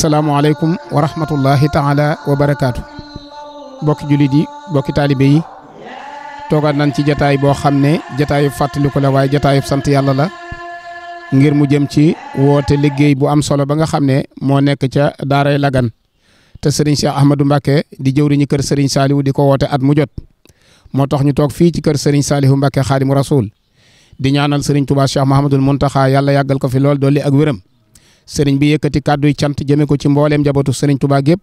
asalaamualeykum wa rahmatullahi taala wa barakaatu. bokki jullit yi bokki taalibe yi toogaat nañ ci jataay boo xam ne jataayu fàttaliku la waaye jataayu sant yàlla la ngir mu jëm ci woote liggéey bu am solo ba nga xam ne moo nekk ca daaray Lagan te sëriñ Cheikh Ahmadou Mbacke di jëwriñu kër sëriñ Saliou di ko woote at mu jot moo tax ñu toog fii ci kër sëriñ Saliou Mbacke xaadimu rasul di ñaanal sëriñ Touba Cheikh Mahamadul Muntaxa yàlla yàggal ko fi lool dolli ak wéram sëriñ bi yëkkati kàddu yi cant jëme ko ci mbooleem njabootu sëriñ Tuubaa gépp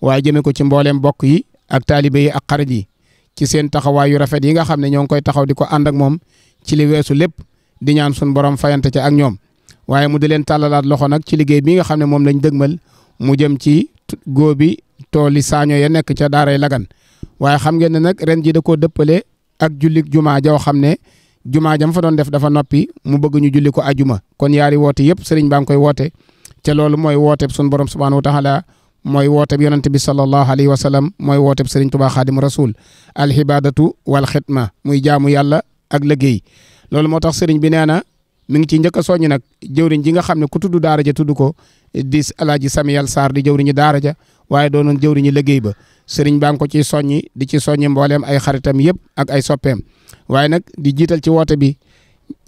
waaye jëme ko ci mbooleem bokk yi ak taalibe yi ak xarit yi ci seen taxawaay yu rafet yi nga xam ne ñoo ngi koy taxaw di ko ànd ak moom ci li weesu lépp di ñaan suñu borom fayante ci ak ñoom waaye mu di leen tàllalaat loxo nag ci liggéey bi nga xam ne moom lañ dëgmal mu jëm ci góobi tooli saaño ya nekk ca daaray Lagan waaye xam ngeen ne nag ren ji da koo dëppale ak jullik jumaa joo xam ne jumaa jam fa doon def dafa noppi mu bëgg ñu julli ko ajuma kon yaari woote yëpp sëriñ baa ngi koy woote te loolu mooy wooteeb sunu borom subhaanahu wa taala mooy wooteeb yonent bi sallallahu alayhi wa sallam mooy wooteeb sëriñ Tuubaa xaadimu rasul alxibaadatu wal xidma muy jaamu yàlla ak liggéey loolu moo tax sëriñ bi nee mi ngi ci njëkk a nag jëwriñ ji nga xam ne ko tudd daara ja tudd ko di alaaji Samiyal Sarr di jëwriñu daara ja waaye doonoon jëwriñu liggéey ba sëriñ baa ngi ko ciy soññi di ci soññi mbooleem ay xaritam yëpp ak ay soppeem waaye nag di jiital ci woote bi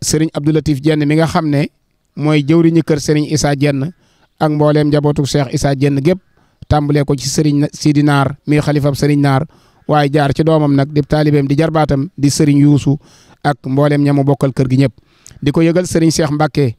sëriñ Abdoulatif Jenn mi nga xam ne mooy jëwriñu kër sëriñ Issa Jenn ak mbooleem njabootu Cheikh Issa Jenn gépp tàmbalee ko ci sëriñ Sidi Naar mi xalifam sëriñ Naar waaye jaar ci doomam nag di taalibeem di jarbaatam di sëriñ Yuusu ak mbooleem ñamu bokkal kër gi ñëpp di ko yëgal sëriñ Cheikh Mbacke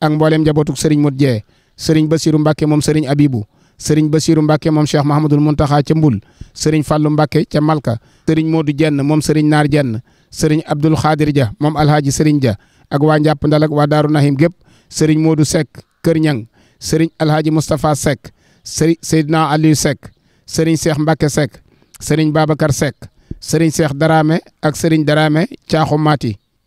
ak mboolem njabootuk sëriñ Modou Dieng sëriñ basiru Mbacke moom sëriñ Abibou sëriñ Bassirou Mbacke moom Cheikh Mahamadul Muntaxa ca Mbul serign fallu Mbacke ca Malka sëriñ Modou Jenn moom sëriñ Naar Jenn sëriñ Abdoul Khadir Dia moom Alhaji sëriñ Dia ak waa Njàpp Ndal ak waa Daaru Nahim gépp sëriñ Modou sek Kër Ñang sëriñ Alhaji Moustapha Seck sëriñ Seydina Aliou Seck sëriñ Cheikh Mbacke Seck sëriñ Babacar Seck sëriñ Cheikh Darame ak sëriñ Darame Caaxu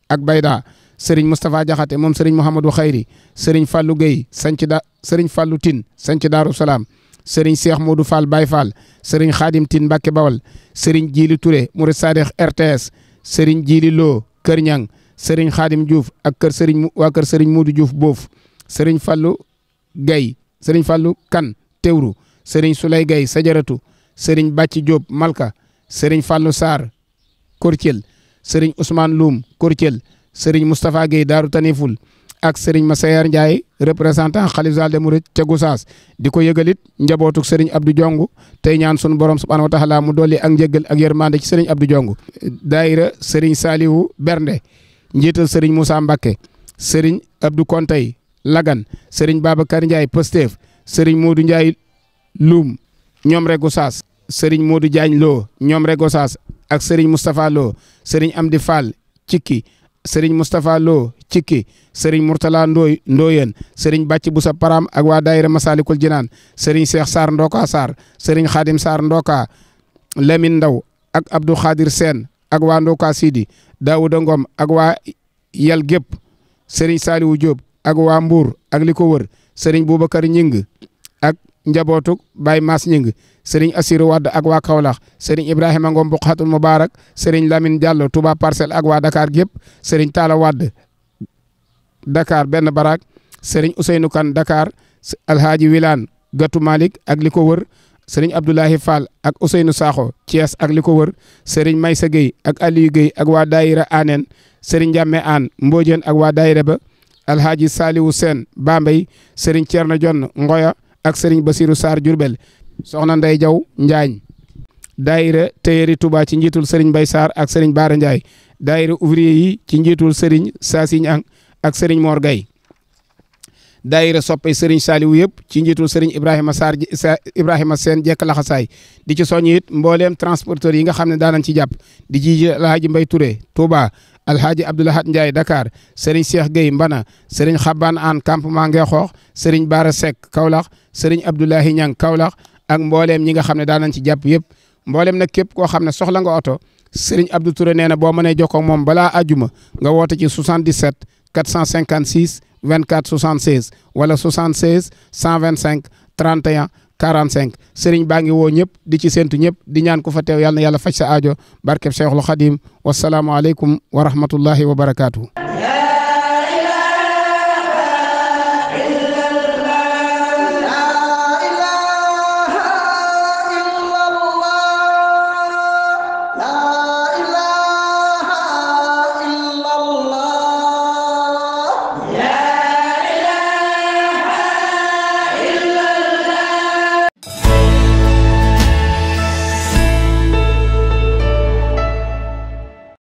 ak Bayda sëriñ Moustapha Diakhaté moom sëriñ Mouhamadou Khayri sëriñ Fallou Guèye sanc da sëriñ Fallou Tine sanc Daaru Salaam sëriñ Cheikh Modou Fall Baye Fall sëriñ Khadim Tine Bawal sëriñ Djili Touré Mourid Sadikh RTS sëriñ Djili Lo Kër Ñang sëriñ Khadim Diouf ak kër sëriñ waa kër sëriñ Modou Boof sëriñ fallu Guèye sëriñ Fallou Kan Tewru sëriñ Souley Guèye Sajaratu sëriñ Bàcci Diop Malka sëriñ fallu Sarr Kortiel sëriñ Ousmane Loum Kortiel Serigne Moustapha Guèye Daaru Taniful ak Serigne Massayer Ndiaye représentant xalif Zal de Mouride ca di ko yëgalit njabootuk Serigne Abdou Diongu tey ñaan sunu borom subhaanahu wa taala mu dolli ak njëggal ak yërmande ci Serigne Abdou Diongu. Daayira Serigne Salihu Bernde njiital Serigne Moussa mbake Serigne Abdou Kontey Lagan Serigne Babacar Ndiaye Pastef Serigne Modou Ndiaye Loum ñoom rek Gossas Serigne Modou Diagne Lo ñoom rek Gossas ak Serigne Moustapha Lo Serigne Amdi Fall Cikki Serigne Moustapha Lo Cikki Serigne Mourtala Ndoy Ndoyen Serigne Bàcc Busa Param ak wa daayira Masalikul Jinaan Serigne Cheikh Sarr Ndoka Sarr Serigne Khadim Sarr Ndoka Lamine Ndaw ak Abdou Khadir Sène ak waa Ndoka Sidi Daouda Ngom ak waa Yal Gépp Serigne Saliou Diop ak waa Mbour ak li ko wër Serigne Boubacar Ñing ak njabootu Baye Mass Ñing sëriñ Assirou Wade ak waa Kaolack sëriñ Ibrahima ngo Buqatul Mubarak sëriñ Lamine Diallo Touba Parcelles ak waa Dakar gépp sëriñ Talla Wade Dakar benn baraak sëriñ Ousseynou Kane Dakar Alhaji Wilane Gatou Malick ak li ko wër sëriñ Abdoulahi Fall ak Ousseynou Sakho Thiès ak li wër sëriñ Maysa Gueye ak Aliou Gueye ak waa Daayira Anen sëriñ Jamme An Mbodiène ak waa Daayira ba Alhaji Saliou Sène Bambey sëriñ Thierno Dione ak sëriñ basiru Sarr Diourbel soxna Ndey Jaw Njaañ daayira téyeri Touba ci njiitul sëriñ Bay Sarr ak sëriñ Baara Ndiaye daayira ouvrier yi ci njiitul sëriñ Saasiñ ak sëriñ Mor daayira soppe Serigne Saliou yëpp ci njiitul Serigne Ibrahima Sarr Ibrahima Sène jekk laxasaay di ci soññ it mbooleem transporteurs yi nga xam ne daanañ ci jàpp di ji Alhaji Mbaye Touré Touba Alhaji Abdoulahat Ndiaye Dakar Serigne Cheikh Gueye Mbana Serigne Xabaan Aan campement Ngexoox Serigne Bara Seck Kaolack Serigne Abdoulahi Niang Kaolack ak mbooleem ñi nga xam ne daanañ ci jàpp yëpp mbooleem nag képp koo xam ne soxla nga oto Serigne Abdou Touré nee na boo mënee jokkoo moom balaa àjjuma nga woote ci 77 456 24 76 wala 76 125 31 45 sëriñ baa ngi woo ñëpp di ci séntu ñëpp di ñaan ku fa teew yàlla na yàlla faj sa aajo barkeb Cheikhul Khadim wasalaamualeykum wa rahmatullahi wa barakaatu.